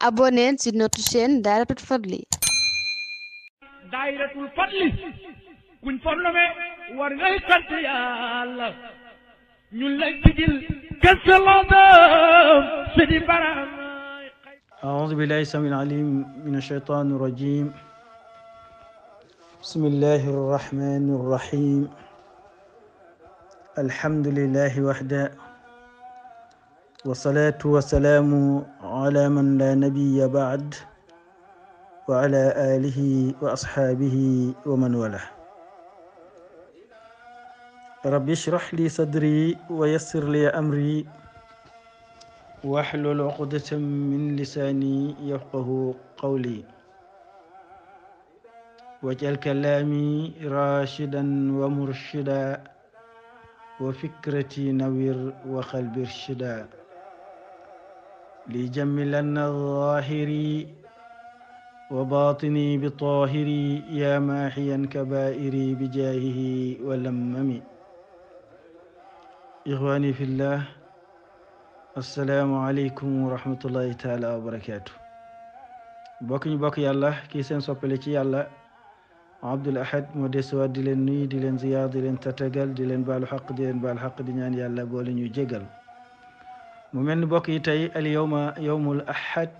abonnez sur notre chaîne Dahiratoul Fadly Dahiratoul Fadly kuñ fornome war ngay sant yàlla ñun lay digil kësalaadam sidi baram أعوذ بالله السميع العليم من الشيطان الرجيم بسم الله الرحمن الرحيم الحمد لله وحده wasalaatu wasalaamu ala man laa nabiya baad wa ala alihi wa asxaabihi wa man wala rabbi ishrax li sadri wa yassir li amri waxlul uqdatan min lisaani yafqahu qawli wajal kalaami raashidan wa murshida wa fikrati nawir wa qalbi irshida لجم لنا الظاهري وباطني بطاهري يا ماحيا كبائري بجاهه ولممي إخواني في الله السلام عليكم ورحمة الله تعالى وبركاته bokk ñu bokk yàlla kii seen soppale ci yàlla Abdul Ahad moo desuwaat di leen di leen ziyaar di leen tatagal di leen baalu xaq di leen baal xaq di ñaan yàlla boole ñu jégal mu mel ni bokk yi tey al yawma yawmul ahad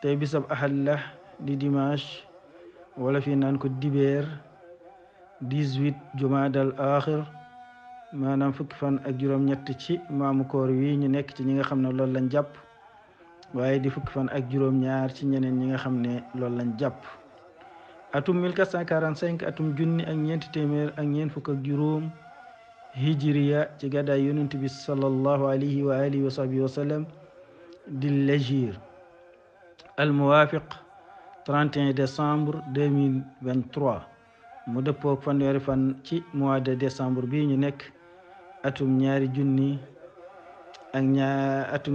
te bisab ahad la di dimanche wala fi naan ko dibeer dix-huit jumaadal axir maanaam fukki fan ak juróom-ñett ci maamu koor wi ñu nekk ci ñi nga xam ne loolu lañ jàpp waaye di fukki fan ak juróom-ñaar ci ñeneen ñi nga xam ne loolu lañ jàpp atum 1445 atum junni ak ñeenti téeméer ak ñeent fukk juróom hijriya ci gàddaay yonent bi sallallahu alayhi wa alihi wa sahbihi wa sallam di légir al muwaafiq 31 décembre 2023 mu dëppoo fanweeri fan ci mois de décembre bii ñu nekk atum ñaari junni ak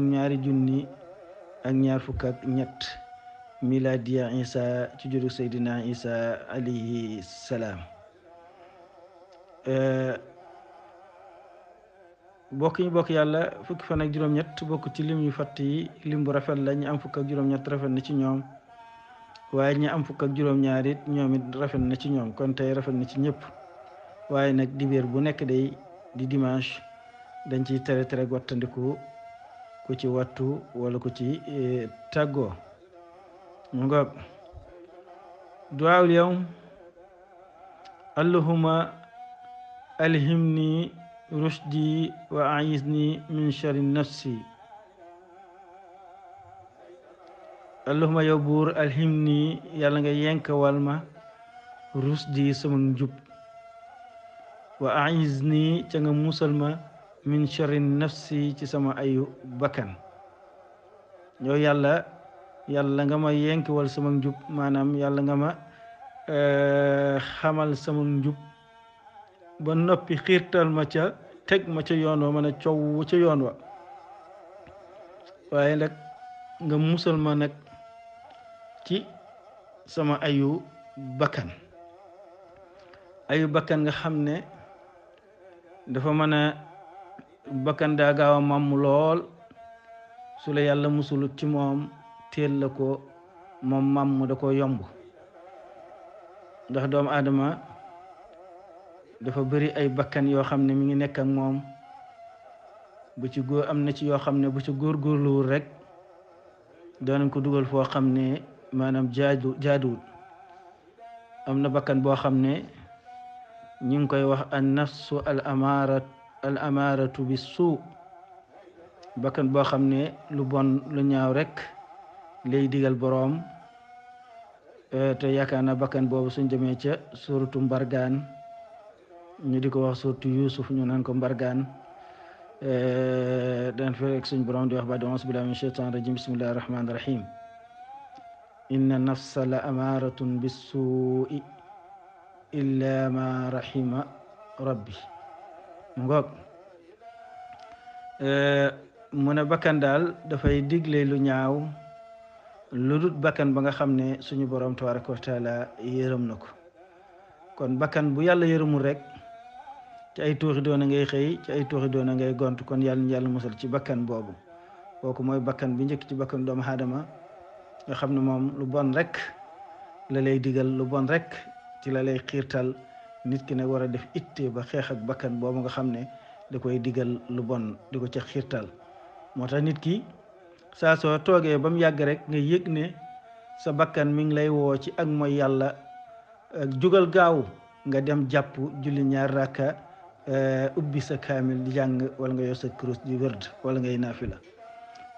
ñaari junni ak ñaar fukk ak ñett miladiya ci juru seydina isa salaam euh, bokk ñu bokk yàlla fukki fan ak juróom-ñett bokk ci lim yu fatt yi lim bu rafet la ñu am fukk ak juróom-ñett rafet na ci ñoom waaye ñi am fukk ak juróom-ñaar it ñoom it rafet na ci ñoom kon tey rafet na ci ñëpp waaye nag dibéer bu nekk day di dimanche dañ ciy tere tere wattandiku ku ci wattu wala ko ci e, tàggoo mu ngoog duwaawul yow allahuma alhimni rushdi wa a'izni min sharri nafsi allahuma yow buur alhimni yàlla nga yenkawal ma rushdi sama jub wa a'izni ca nga musal ma min sharri nafsi ci sama ayu bakkan yow yàlla yàlla nga ma yenkawal sama jub maanaam yàlla nga ma eh, xamal sama jub ba noppi xiirtal ma ca teg ma ca yoon wa ma ne coow ca yoon wa waaye nag nga musal ma nag ci sama ayu bakkan ayu bakkan nga xam ne dafa mën a bakkan daa gaaw a màmm lool su la yàlla musulut ci moom teel la ko moom màmm da ko yomb ndax doomu aadama dafa bari ay bakkan yoo xam ne mi ngi nekk moom bu ci góor am na ci yoo xam ne bu ci góorgóorluwul rek doonañ ko dugal foo xam ne maanaam jaadu jaaduwul am na bakkan boo xam ne ñu ngi koy wax an nafsu al amaara al bi suu bakkan boo xam ne lu bon lu ñaaw rek lay digal boroom te yaakaar na bakkan boobu suñ demee ca suratu mbargaan ñu di ko wax surtout Youssouf ñu naan ko mbargaan eh, dan ferek suñ borom di wax ba di auzu billahi min shaytan rajim bismillahi rahmani rahim inna nafsa la amaratun bissu'i illa ma rahima rabbi mu ngoog eh, mu ne bakkan daal dafay digle lu ñaaw lu dut bakkan ba nga xam ne suñu borom tabaraka wa taala yërëm na ko kon bakkan bu yàlla yërëmul rek ci ay tuuxi doona ngay xëy ci ay tuuxi doona ngay gont kon yàlla na yàlla musal ci bakkan boobu kooku mooy bakkan bi njëkk ci bakkan doomu xaadama nga xam ne moom lu bon rek la lay digal lu bon rek ci la lay xiirtal nit ki nag war a def itte ba xeex bakkan boobu nga xam ne da koy digal lu bon di ko ca xiirtal moo tax nit ki saa soo toogee ba mu yàgg rek nga yëg ne sa bakkan mi ngi lay woo ci ak mooy yàlla ak jugal gaaw nga dem jàpp julli ñaar rakka Eh, ubbi sa kaamil di jàng wala nga yor sa kurus di wërd wala ngay naafila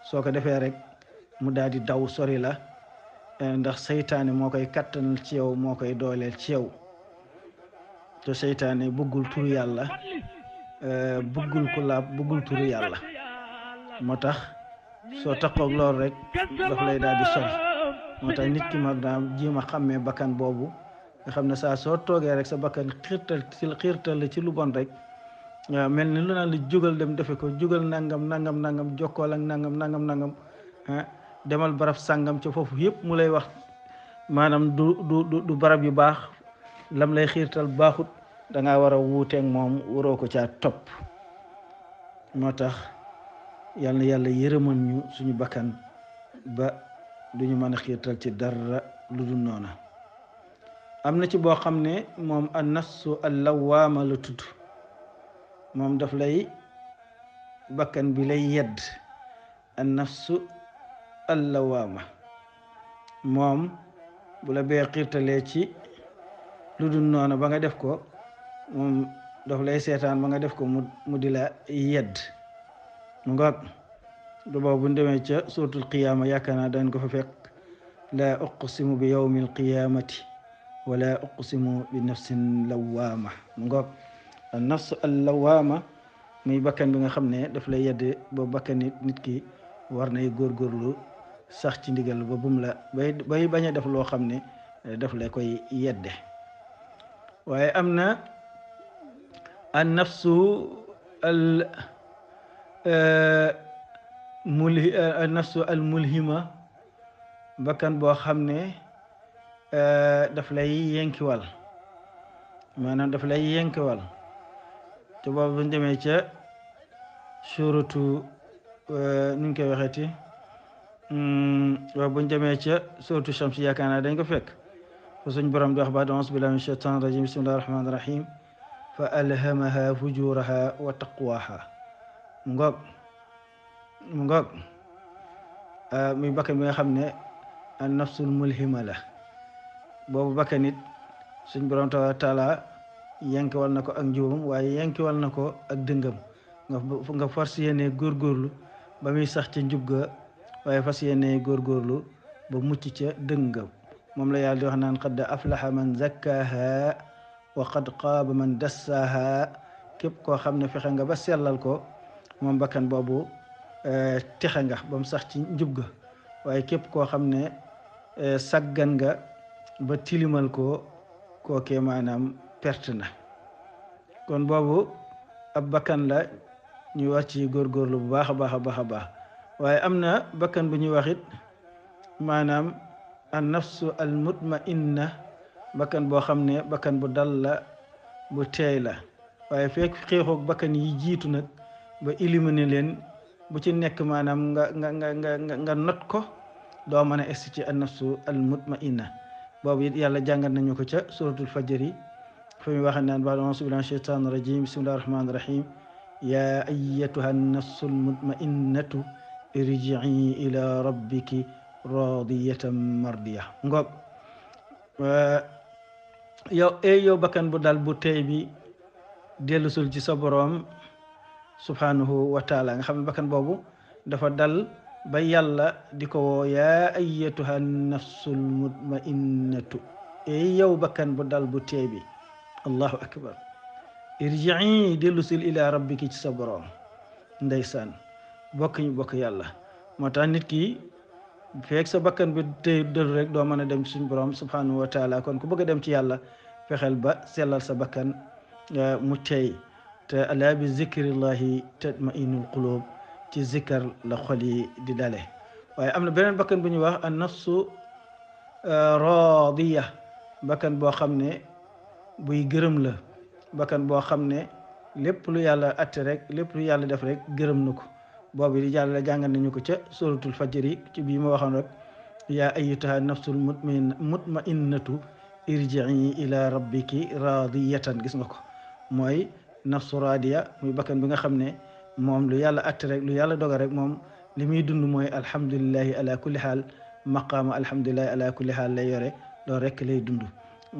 soo ko defee rek mu daal di daw sori la eh, ndax seytaane moo koy kattanal ci moo koy dooleel ci yow te seytaane bëggul turu yàlla eh, bëggul ku laab bëggul yàlla moo tax soo takkoog loolu rek daf lay daal di sori moo tax nit ki daam jéem a xàmmee bakkan boobu xam ne saa soo toogee rek sa bakkan xiirtal ci xiirtal la ci lu bon rek mel ni lu naan la jugal dem defe ko jugal nangam nangam nangam jokkool nangam nangam nangam ah, demal barab sangam ci foofu yëpp mu lay wax maanaam du du du barab yu baax lam lay xiirtal baaxut da ngaa war a wuuteeg moom waroo ko caa topp moo tax yal na yàlla yërëman ñu suñu bakkan ba ñu mën a xiirtal ci dara lu dul noona am na ci boo xam ne moom an nafsu al lawaama la tudd moom daf lay bakkan bi lay yedd an nafsu al lawaama moom bula la bee xiirtalee ci lu dul noonu ba nga def ko moom daf lay seetaan ba nga def ko mu mu di la yedd mu ngoog du bu demee ca suuratul qiyaama yaakaar naa dañ ko fa fekk laa uqsimu bi yawmil qiyaamati wala uqsimu bi nafsin lawaama mu ngoog nafs al lawaama bakkan bi nga xam ne daf lay yedd ba bakkan nit ki war nay góorgóorlu sax ci ndigal ba bum la bay def loo xam ne eh, daf le koy yedde waaye am na an nafsu al eh, mulhi eh, an nafsu al mulhima bakkan boo xam ne Eh, daf lay yënkiwal maanaam daf lay yënkiwal te boobu buñ demee ca suuratu eh, nu ñu koy waxeeti hmm, waaw buñ demee ca suuratu Shams yaakaar naa dañ ko fekk fa borom di wax baat auzu billahi min shaytaan rajim bismillahi rahmaani rahim fa alhamaha fujuraha wa taqwaha mu ngoog mu ngoog eh, muy bakkan bi nga xam ne an nafsul mulhima la boobu bakkan nit suñ borom tawa taala yankiwal na ko ak njuumam waaye yankiwal na ko ak dëngam nga fas yéene góorgóorlu ba muy sax ci njub waaye fas yéene góorgóorlu ba mucc ca dëngam moom la yàlla di wax naan xad aflaha man zakkaha wa qad xaaba man dassaha képp koo xam ne fexe nga ba sellal ko moom bakkan boobu eh, texe nga ba mu sax ci njub ga waaye képp koo xam ne eh, saggan nga ba tilimal ko kookee maanaam perte na kon boobu ab bakkan la ñuy wax ci góorgóorlu bu baax a baax a baax a baax waaye am na bakkan bu ñuy wax it maanaam an nafsu al mutmainna bakkan boo xam ne bakkan bu dal la bu teey la waaye fekk xeexoog bakkan yi jiitu nag ba éliminer leen bu ci nekk maanaam nga nga not ko doo mën na egsi ci an nafsu ma mutmainna boobu it yàlla jàngal nañu ko ca suratul fajar yi fa mu waxee naan baad auzu billahi shaytaan rajim bismillahi rahmaani rahim yaa ayyatuha nafsu lmutmainnatu irjii ila rabbiki radiyatan mardiya ngoog eh, yow ey eh, yow bu dal bu tey dellusul ci sa boroom subhanahu wa taala nga xam ne bakkan boobu dafa dal ba yàlla di ko woo yaa ayatuha nafsul mutmainnatu ey yow bakkan bu dal bu teebi allahu akbar irjii dellusil ila rabbiki ci sa boroom ndeysaan bokk ñu bokk yàlla moo tax nit ki feek sa bakkan bi tey dël rek doo mën a dem suñu borom subhanahu wa kon ku bëgg a dem ci yàlla fexeel ba sellal sa bakkan eh, mu tey te ala bi zikrillahi tatmainul qulub ci zikkar la xol di dale waaye am na beneen bakkan bu ñuy wax an nafsu euh, radiya bakkan boo xam ne buy gërëm la bakkan boo xam ne lépp lu yàlla atte rek lépp lu yàlla def rek gërëm nu ko boobu di jàll jàngan jàngal nañu ko ca suratul fajri ci bii ma waxoon rek ya ayyatuha nafsul mutmain mutmainnatu irjii ila rabbiki radiyatan gis nga ko mooy nafsu radiya muy bakkan bi nga xam ne moom lu yàlla atte rek lu yàlla dogal rek moom li muy dund mooy alhamdulilahi ala kulli xaal maqaama alhamdulilahi ala kulli xaal lay yore loolu rek lay dund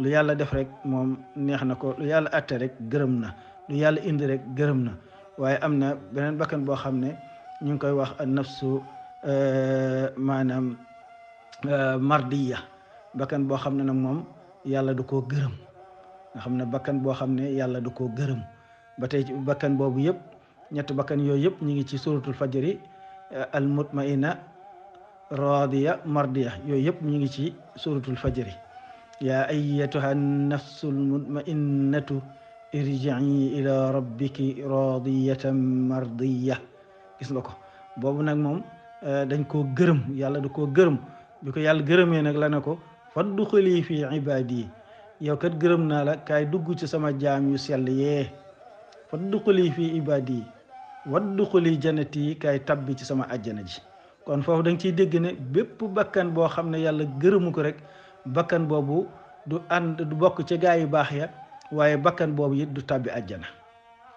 lu yàlla def rek moom neex na ko lu yàlla atte rek gërëm na lu yàlla indi rek gërëm na waaye am na beneen bakkan boo xam ne ñu ngi koy wax nafsu euh, maanaam euh, mardiya bakkan boo xam ne nag moom yàlla du koo gërëm nga xam ne bakkan boo xam ne yàlla du koo gërëm ba tey bakkan boobu yëpp ñetti bakkan yooyu yëpp ñu ngi ci suratul fajri eh, al mutmaina radiya mardiya yooyu yëpp ñu ngi ci suratul fajri yaa ayatuha nafsul mutmainnatu irjii ila rabbiki radiyatan mardiya gis nga ko boobu nag moom eh, dañ ko gërëm yàlla du ko gërëm bi ko yàlla gërëmee nag la ne ko fadduxuli fi ibaadi yow kat gërëm naa la kaay dugg ci sama jaam yu sell yee wadduxuli janati yi kaay tabbi ci sama ajjana ji kon foofu da nga ciy dégg ne bépp bakkan boo xam ne yàlla gërëmu ko rek bakkan boobu du ànd du bokk ci gaa yu baax ya waaye bakkan boobu it du tabbi ajjana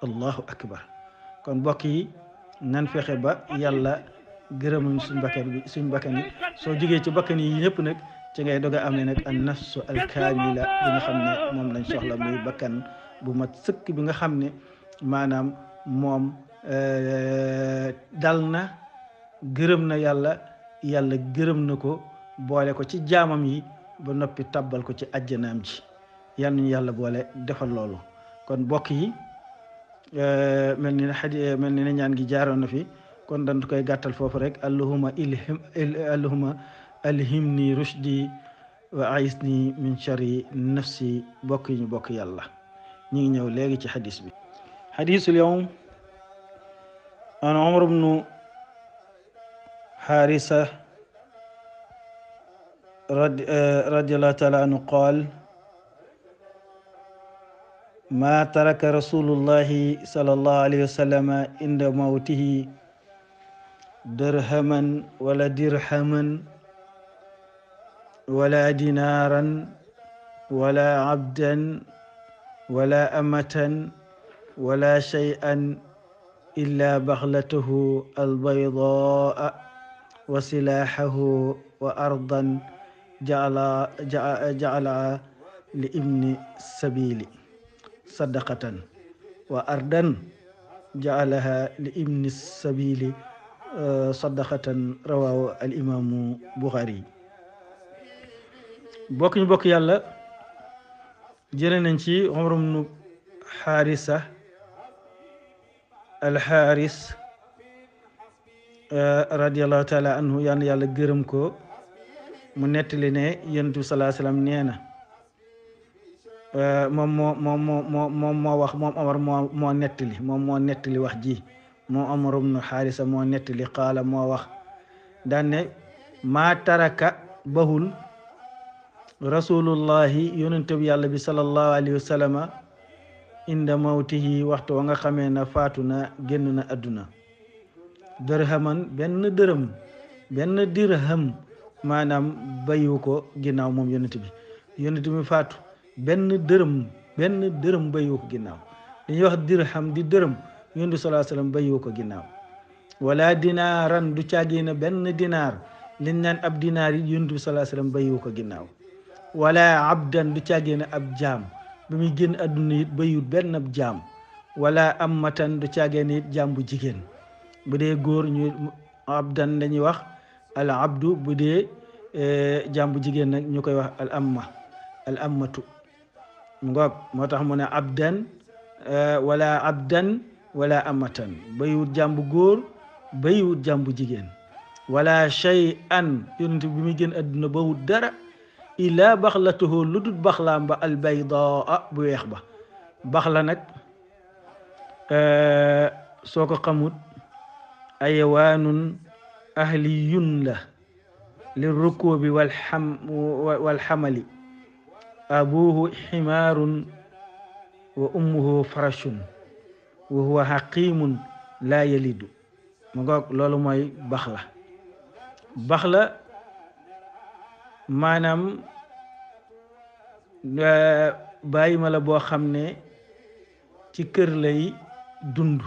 allahu akbar kon bokk yi nan fexe ba yàlla gërëmuñ suñ bakkan bi suñ bakkan yi soo jógee ci bakkan yi ñëpp nag ci ngay doga am ne nag an nafsu alkaamila bi nga xam ne moom lañ soxla muy bakkan bu mat sëkk bi nga xam ne maanaam moom Eh, dal na gërëm na yàlla yàlla gërëm na ko boole ko ci jaamam yi ba noppi tabbal ko ci ajjanaam ji yan nañu yàlla boole defal loolu kon bokk yi eh, mel ni ne xadi eh, mel ni ne ñaan gi jaaroon na fi kon dañ koy gàttal foofu rek allahuma ilhim allahuma alhimni rushdi wa aisni min shari nafsi bokk yi ñu bokk yàlla ñu ngi ñëw léegi ci xadis bi xadisul yawm an umar bnu harisa radiallahu eh, taala anhu qaal ma taraka rasulullahi sallallahu alayhi wa sallam inda mawtihi درهما ولا درهما ولا دينارا ولا عبدا ولا أمة ولا شيئا إلا بغلته البيضاء وسلاحه وأرضا جعل جعل لابن السبيل صدقة وأرضا جعلها لابن السبيل صدقة رواه الإمام بخاري bokk ñu bokk yàlla jëlee nañ ci Umar ibnu Xaarisa alxaaris euh, radiallahu taala anhu yaan yàlla gërëm ko mu nettali ne yonent bi salaa salaam nee na euh, moom moo moom moo moo moom moo wax moom Omar moo moo nettali moom moo nettali wax ji moom Omar ibnu Xaarisa moo nettali qaala moo wax daan ne maa taraka bahul rasulullahi yonent bi yàlla bi sallallahu alayhi wa sallama inda mawtihi waxtu wa nga xamee na faatu na génn na àdduna dërhaman benn dërëm benn dirham maanaam bayu ko ginnaaw moom yonent bi yonent bi faatu benn dërëm benn dërëm bayu ko ginnaaw dañuy wax dirham di dërëm yonent bi salaa sallam ko ginnaaw wala dinaaran du caagee na benn dinaar liñ naan ab dinaar yi yonent bi salaa sallam ko ginnaaw wala abdan du caagee ab jaam bi muy génn àdduna it bayut benn ab jaam wala am matan du caageen it jaam jigéen bu dee góor ñu abdan dañuy wax al abdu bu dee eh, jaam jigéen nag ñu koy wax al amma ngoog moo tax mu ne abdan eh, wala abdan wala amatan bayut jaam bu góor bayut jaam bu jigéen wala shay an yonent bi muy génn àdduna bawut dara illaa baxlatuhu lu dut baxlaam ba albaydaa ah, bu weex ba baxla nag eh, soo ko xamut ayawaanun ahliyun la li rukubi walxam walxamali abuhu ximaarun wa ummuhu farashun wa huwa xaqimun laa yalidu ma ngoog loolu mooy baxla baxla maanaam eh, bàyyi la boo xam ne ci kër lay dund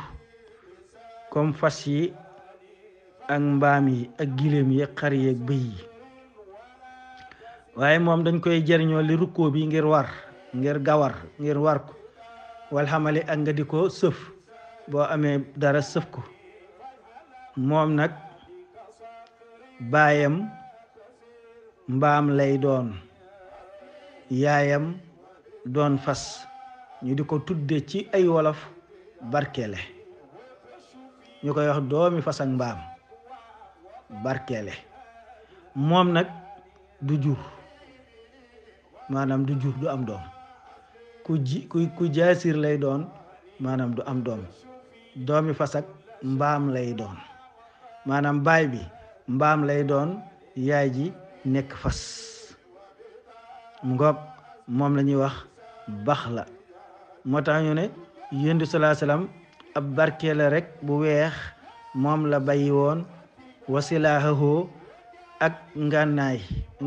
kom fas yi ak mbaam yi ak giléem yi ak xar yi ak bëy yi waaye moom dañ koy jariñoo li rukkoo bi ngir war ngir gawar ngir war ko wal xamali ak nga di ko sëf boo amee dara sëf ko moom nag baayam mbaam lay doon yaayam doon fas ñu di ko tudde ci ay wolof barkeele ñu koy wax doomi fas mbaam barkeele moom nag du jur maanaam du jur du am doom ku ji ku ku lay doon maanaam du am doom doomi fas mbaam lay doon maanaam baay bi mbaam lay doon yaay ji nekk fas mu ngoog moom la ñuy wax la moo tax ñu ne yéndu salaa salaam ab barke la rek bu weex moom la bayi woon wasilaahu ak ngànnaay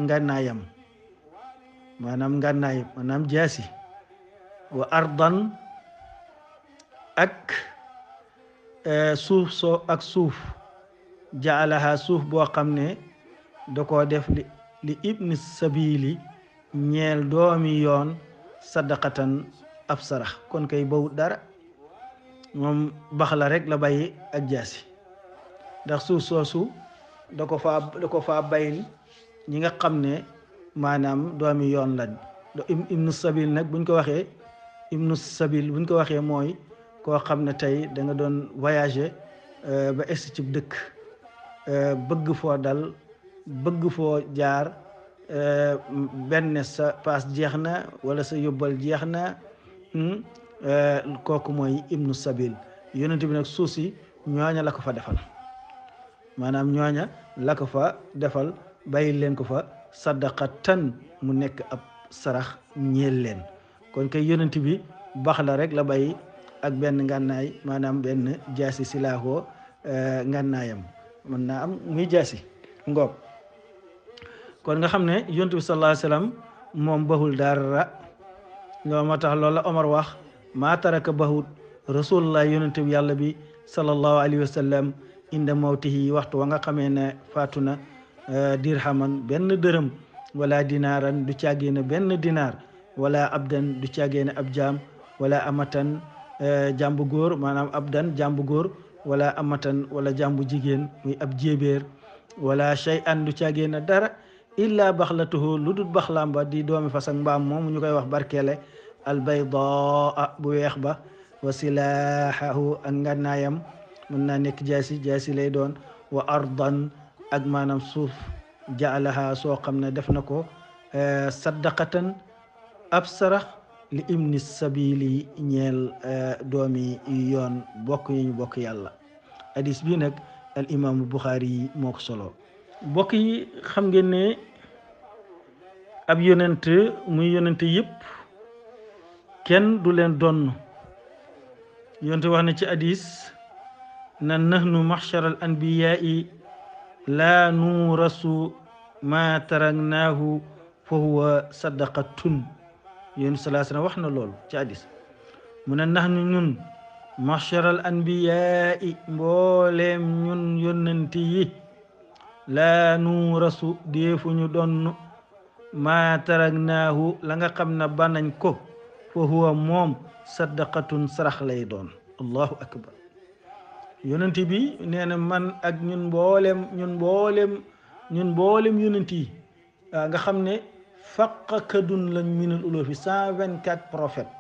ngànnaayam maanaam ngànnaay maanaam jaasi wa ardan ak eh, suuf soo ak suuf jaalaha suuf boo xam ne da ko def li li ibni sabili ñeel doomi yoon sadaqatan ab sarax kon kay bawut dara moom bax la rek la bay ak jaasi ndax suuf soosu da ko faa da ko faa bàyyil ñi nga xam ne maanaam doomi yoon lañ ibnu sabil nag buñ ko waxee ibnu sabil buñ ko waxee mooy koo xam ne tey da nga doon voyager euh, ba est ci dëkk euh, bëgg foo dal bëgg foo jaar eh, benn sa paas jeex na wala sa yóbbal jeex na hmm, eh, kooku mooy ibnu sabil yonent bi nag suuf si ñooña la ko fa defal maanaam ñooña la ko fa defal bayi leen ko fa sadaqatan mu nekk ab sarax ñeel leen kon kay yonent bi baax la rek la bàyyi ak benn ngànnaay maanaam benn jaasi si laaxoo eh, ngànnaayam mën naa am muy jaasi ngoog kon nga xam ne yontu bi sallallahu alayhi moom baxul dara loo ma tax loola Omar wax maa taraka baxut rasulullah yonente bi yàlla bi sallallahu alayhi wa sallam inda mawtihi waxtu wa nga xamee ne faatu na eh, dirhaman benn dërëm wala dinaaran du càggee ne benn dinaar wala abdan du càggee ne ab jaam wala amatan eh, jàmbu góor maanaam abdan jàmbu góor wala amatan wala jàmbu jigéen muy ab jébéer wala shay du càggee dara illaa baxlatuhu lu dut baxlaam ba di doomi fas ak mbaam moomu ñu koy wax barkeele albaydaa bu weex ba wa silaahahu ak ngànnaayam mën naa nekk jaasi jaasi lay doon wa ardan ak maanaam suuf jaalaha soo xam ne def na ko eh, saddaqatan ab sarax li ibni sabili ñeel eh, doomi yoon bokk yi ñu bokk yàlla hadis bi nag al imaamu buxaari yi moo ko solo bokk yi xam ngeen ne ab yonent mu yonent yëpp kenn du leen donn yonent wax na ci hadis na nahnu maxchar al anbiyaai laa nuurasu ma taragnaahu fa huwa sadaqatun yonent salaa sallam wax na loolu ci hadis mu ne nahnu ñun maxchar al anbiyaai mbooleem ñun yi laa nuurasu deefu ñu donn maa taragnaahu la nga xam ne banañ ko fa huwa moom sadaqatun sarax lay doon allahu akbar yonent bi neena man ak ñun mboolem ñun mboolem ñun ah, nga xam ne faqakadun la minal uloofi cent vingt quatre prophètes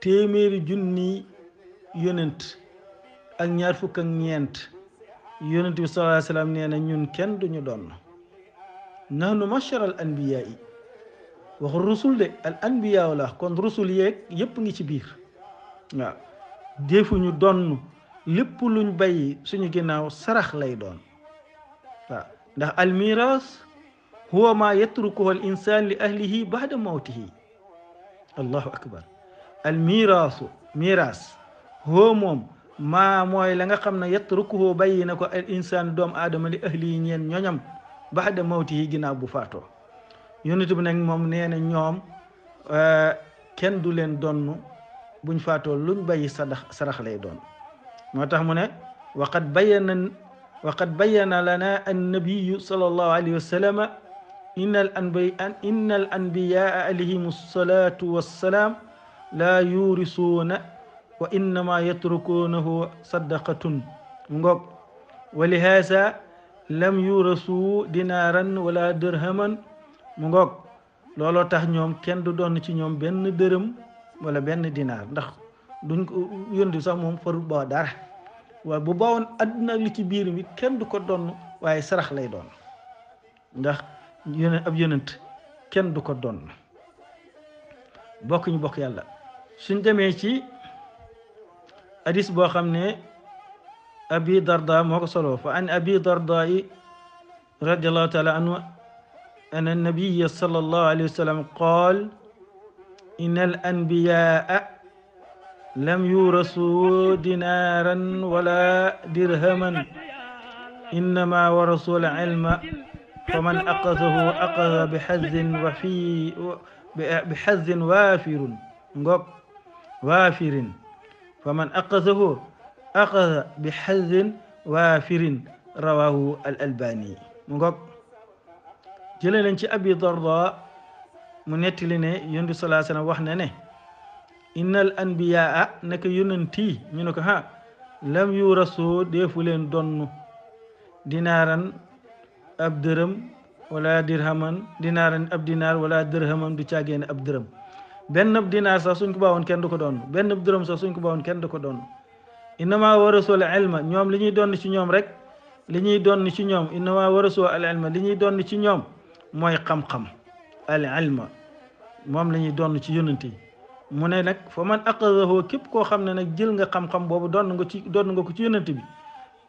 téeméeri junni yonent ak ñaar fukk ak ñeent yonent bi sallallahu alayhi ñun kenn duñu doon nahnu machar al anbiya yi waxul rusul de al anbiya kon rusul yeeg yépp ngi ci biir waaw defuñu lu lépp luñ bàyyi suñu ginnaaw sarax lay doon waaw ndax al miras huwa ma yatrukuhu al insan li ahlihi ba'da mawtihi allahu akbar al mirasu huwa moom maa mooy la nga xam ne yatrukuhu bàyyi na ko al insan doomu li ahlihi ñeen ñoñam baxda mawti yi ginnaaw bu faatoo yonent bi nag moom nee na ñoom euh, kenn du leen donn buñ faatoo luñ bàyyi sadax sarax lay doon moo tax mu ne waqad bayyana waqad bayyana lana annabiyu sallallahu alayhi wa sallam inna al anbiya inna al anbiyaa alayhim salaatu wassalaam laa yuurisuuna sadaqatun ngoog wali lam yurasu dinaaran wala dirhaman mu ngoog looloo tax ñoom kenn du donn ci ñoom benn dërëm wala benn dinaar ndax duñ ko yónni sax moom faru ba dara waaye bu bawoon àdduna li ci biir mi kenn du ko doon waaye sarax lay doon ndax yónent ab yónent kenn du ko doon bokk bokk yàlla suñ demee ci hadis boo xam ne abi darda moo ko solo fa an abi darda i radiallahu taala anhu an annabiya sallallahu alayhi wa sallam qaal in al anbiyaa lam yurasu dinaaran wala dirhaman innama warasu al ilma faman aqasahu aqasa bi xazin wafi bi xazin waafirin ngoog waafirin faman aqasahu axasa bi xazin waafirin rawahu al albani mu ngoog jëlee leen ci abi darda mu nettali ne yonent bi salaa wax na ne innal anbiyaa naka ti ñu ne ko ha lam yurasoo deefu leen donn dinaaran ab dërëm wala dirhaman dinaaran ab dinaar wala dirhaman du caageen ab dërëm benn ab dinaar sax suñ ko baawoon kenn du ko doon benn ab dërëm sax suñ ko baawoon kenn du ko doon innama warasu al ilma ñoom li ñuy doon ci ñoom rek li ñuy doon ci ñoom innama warasu al ilma li ñuy doon ci ñoom mooy xam-xam al ilma moom la ñuy doon ci yonent yi mu ne nag fa man aqazahu képp koo xam ne nag jël nga xam-xam boobu doon nga ci doon nga ko ci yonent bi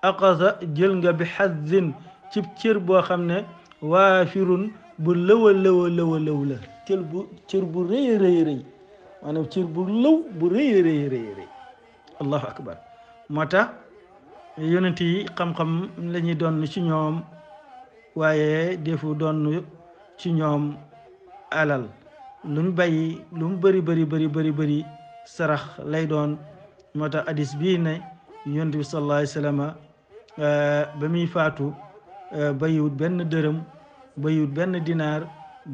aqaza jël nga bi xazin cib cër boo xam ne waafirun bu lëwa lëwa lëwa lëw la cër bu cër bu rëy rëy rëy maanaam cër bu lëw bu rëy rëy rëy rëy allahu akbar moo tax yonent yi xam-xam la ñuy doon ci ñoom waaye defu doon ci ñoom alal lu ñu bàyyi lu mu bari bari bëri bëri sarax lay doon moo tax hadis bii ne yonent bi sallallahu alayhi wa euh, ba muy faatu euh, bayiwut benn dërëm bayiwut benn dinaar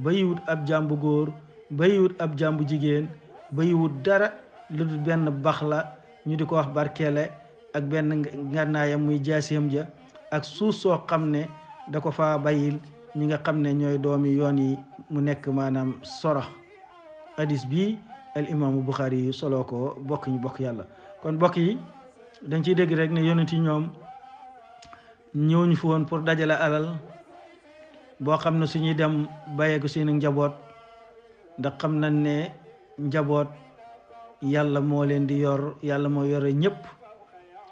bayiwut ab jàmb góor bayiwut ab jàmbu jigéen bayiwut dara lu dul benn bax la ñu di ko wax barkeele ak benn ngànnaayam muy jaasiyam ja ak suuf soo xam ne da ko fa bayil ñi nga xam ne ñooy doomi yoon yi mu nekk maanaam soro hadis bi al imaamu Buxaari yi ko bokk ñu bokk yàlla kon bokk yi dañ ciy dégg rek ne yonent ñoom ñëwuñu ñu fi woon pour dajale alal boo xam ne suñuy dem bàyyeeku seen njaboot ndax xam nañ ne njaboot yàlla moo leen di yor yàlla moo yore ñëpp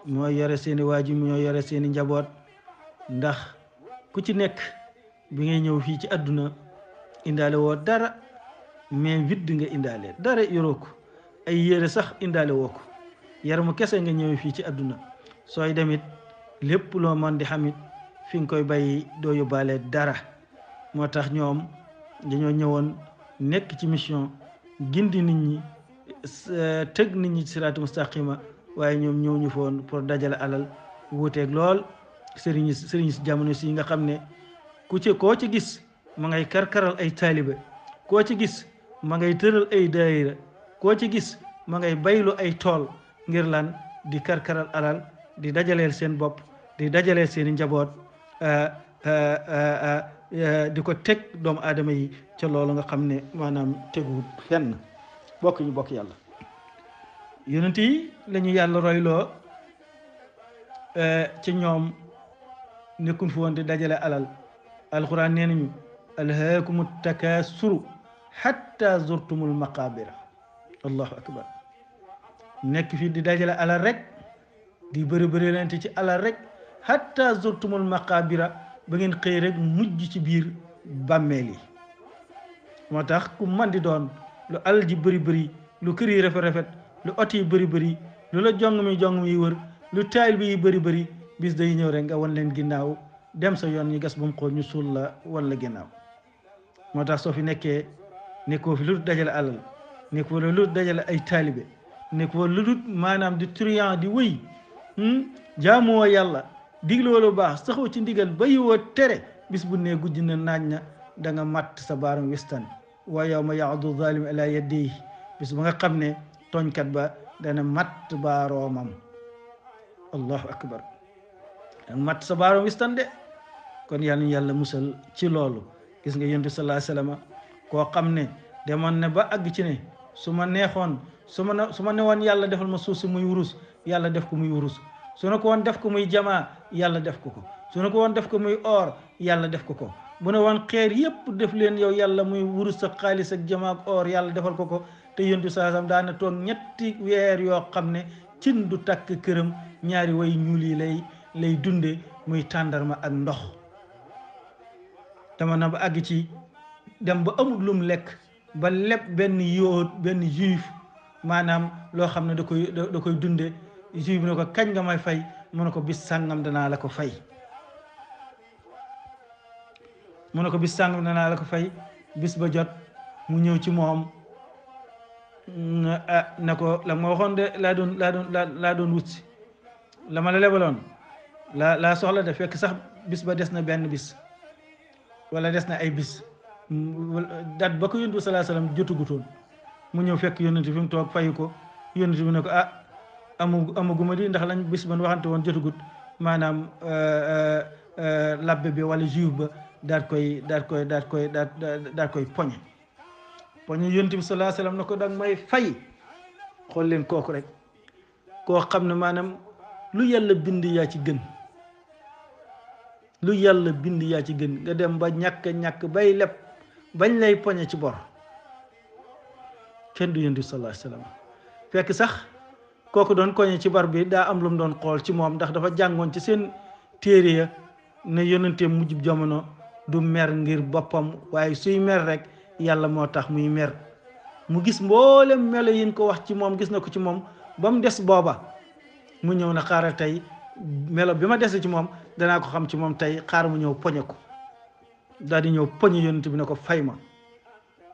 moo yore seeni waajur ñoo yore seeni njaboot ndax ku ci nekk bi ngay ñëw fii ci àdduna indaale woo dara mais widd nga indaale dara yoroo ko ay yére sax indaale woo ko yaramu kese nga ñëw fii ci adduna sooy demit lépp loo man di xamit fi nga koy bàyyi doo yóbbaale dara moo tax ñoom dañoo ñëwoon nekk ci mission gindi nit ñi tëg nit ñi siraatu mustaqima waaye ñoom ñëw foon pour dajale alal wuuteeg lool sëriñ sëriñ jamono si nga xam ne ku ci koo ci gis ma ngay karkaral ay taalibe koo ci gis ma ngay tëral ay daayira koo ci gis ma ngay baylu ay tool ngir lan di karkaral alal di dajaleel seen bopp di dajaleel seen njaboot ah, ah, ah, di ko teg doomu aadama yi ca loolu nga xam ne maanaam teguwul fenn bokk ñu bokk yàlla yonent yi la ñu yàlla royloo eh, ci ñoom nekkun fu woon di dajale alal alquran nee nañu alhaakumu takaasuru xatta zurtumul maqaabira allahu akbar nekk fii di dajale alal rek di bëri bëri lente ci alal rek xatta zurtumul maqaabira ba ngeen xëy rek mujj ci biir bàmmeel yi moo tax ku man di doon lu alal ji bëri bëri lu kër yi rafet rafet lu ot yi bëri bëri lu la jong mi jong mi wër lu taayil bi yi bëri bëri bis day ñëw rek nga wan leen ginnaaw dem sa yoon ñu gas ba mu ñu suul la wala ginnaaw moo tax soo fi nekkee nekkoo fi lu dul dajale alal nekkoo lu dul dajale ay taalibe nekkoo lu dul maanaam di truand di wëy hmm, jaamuwoo yàlla digloo lu baax saxoo ci ndigal woo tere bis bu ne guddi na naaj na danga nga matt sa baaram wistan waaye yow ma yaadu zalim ala yaddihi bis ba nga tooñkat ba dana matt baaroomam allahu akbar dana matt sa baaroom wistan de kon yàlla yàlla musal ci loolu gis nga yonent sa sallallahu alayhi koo xam ne demoon ne ba àgg ne su ma neexoon su ma su ma newoon yàlla defal ma suuf muy wurus yàlla def ko muy wurus su ne ko def ko muy jamaa yàlla def ko ko su ne ko woon def ko muy or yàlla def ko ko bu ne woon xeer yépp def leen yow yàlla muy wurus sa xaalis ak jamaa ak yàlla defal ko ko te yontu saa sam daana toog ñetti weer yoo xam ne cin du takk këram ñaari way ñuul yi lay lay dunde muy tàndarma ak ndox dama na ba àgg ci dem ba amul lum lekk ba lépp benn yóot benn juif maanaam loo xam ne da koy da koy dunde juif ne ko kañ nga may fay mu ne ko bis sàngam danaa la ko fay mu ne ko bis sàngam danaa la ko fay bis ba jot mu ñëw ci moom na ko la ma waxoon de laa doon laa doon laa doon wut si la ma la lebaloon la laa soxla de fekk sax bis ba des na benn bis wala des na ay bis dat ba ko yonent bi salaa salaam jotugutoon mu ñëw fekk yonent fi mu toog fayu ko yonent bi ne ko ah amu amaguma di ndax lañ bis ban waxante woon jotugut maanaam euh, euh, euh, labbe bi wala juif ba daat koy daat koy daat koy daat ba ñu yonent bi sallallahu alayhi na ko dang may fay xool leen kooku rek koo xam ne maanaam lu yàlla bind yaa ci gën lu yàlla bind yaa ci gën nga dem ba ñàkk ñàkk bay leb bañ lay poñe ci bor kenn du yonent bi sallallahu fekk sax kooku doon koñe ci bar bi daa am lu mu doon xool ci moom ndax dafa jàngoon ci seen téere ya ne yonente mujjub jamono du mer ngir boppam waaye suy mer rek yàlla moo tax muy mer mu gis mboole melo yin ko wax ci moom gis na ko ci moom ba mu des booba mu ñëw na xaaral tey melo bi ma dese ci moom danaa ko xam ci moom tey xaar mu ñëw poñe ko daal di ñëw poñe yonent bi na ko fay ma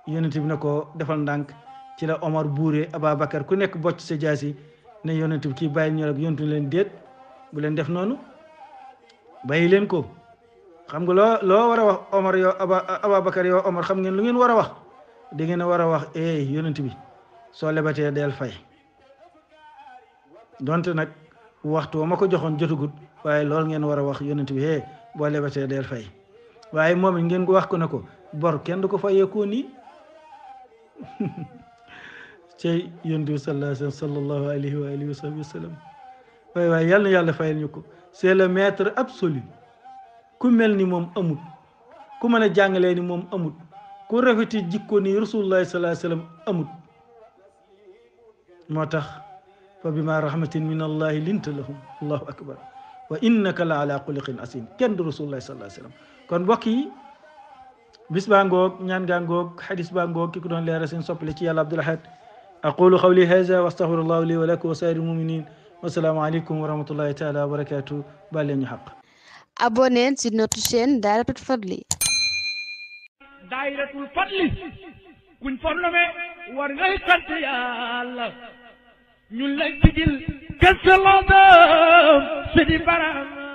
yonent bi na ko defal ndànk ci la Omar buuree Ababacar ku nekk bocc sa jaasi ne yonent bi kii bàyyi ñor ak yonent leen déet bu leen def noonu bàyyi leen ko xam nga loo loo war a wax Omar yow Ababacar yow Omar xam ngeen lu ngeen war a wax di ngeen a war a wax eh yonent bi soo lebatee del fay donte nag waxtu ma ko joxoon jotugut waaye loolu ngeen war a wax yonent bi eh boo lebatee del fay waaye moom ngeen ko wax ko ne ko bor kenn du ko fayeekoo nii cey yonent bi sallallahu alayhi wa alihi wa sallam waaye waaye yàlla na yàlla fayal ñu ko c'est le maître absolu ku mel ni moom amut ku mën a jàngalee ni moom amut ku rafeti jikko ni rasulullahi sallallahu alayhi wasallam amut moo tax fa bima rahmatin min allahi linta lahum allahu akbar wa innaka la ala xuliqin asim kenn du rasulullahi sallallahu alayhi wasallam kon mbokk yi bis baa ngoog ñaan gaa ngoog xadis baa ngoog ki ko doon leeral seen soppali ci yàlla Abdul Ahad aqulu qawli haza wa astaghfirullahu li wa lakum wa sairil muminin wasalaamu aleykum wa rahmatullahi taala wa barakatuh bàl leen ñu xaq abonnez sur notre chaîne Dahiratoul Fadly Dahiratoul Fadly kuñ fornome war ngay sant yàlla ñun lay tigil kese la doom sidi baram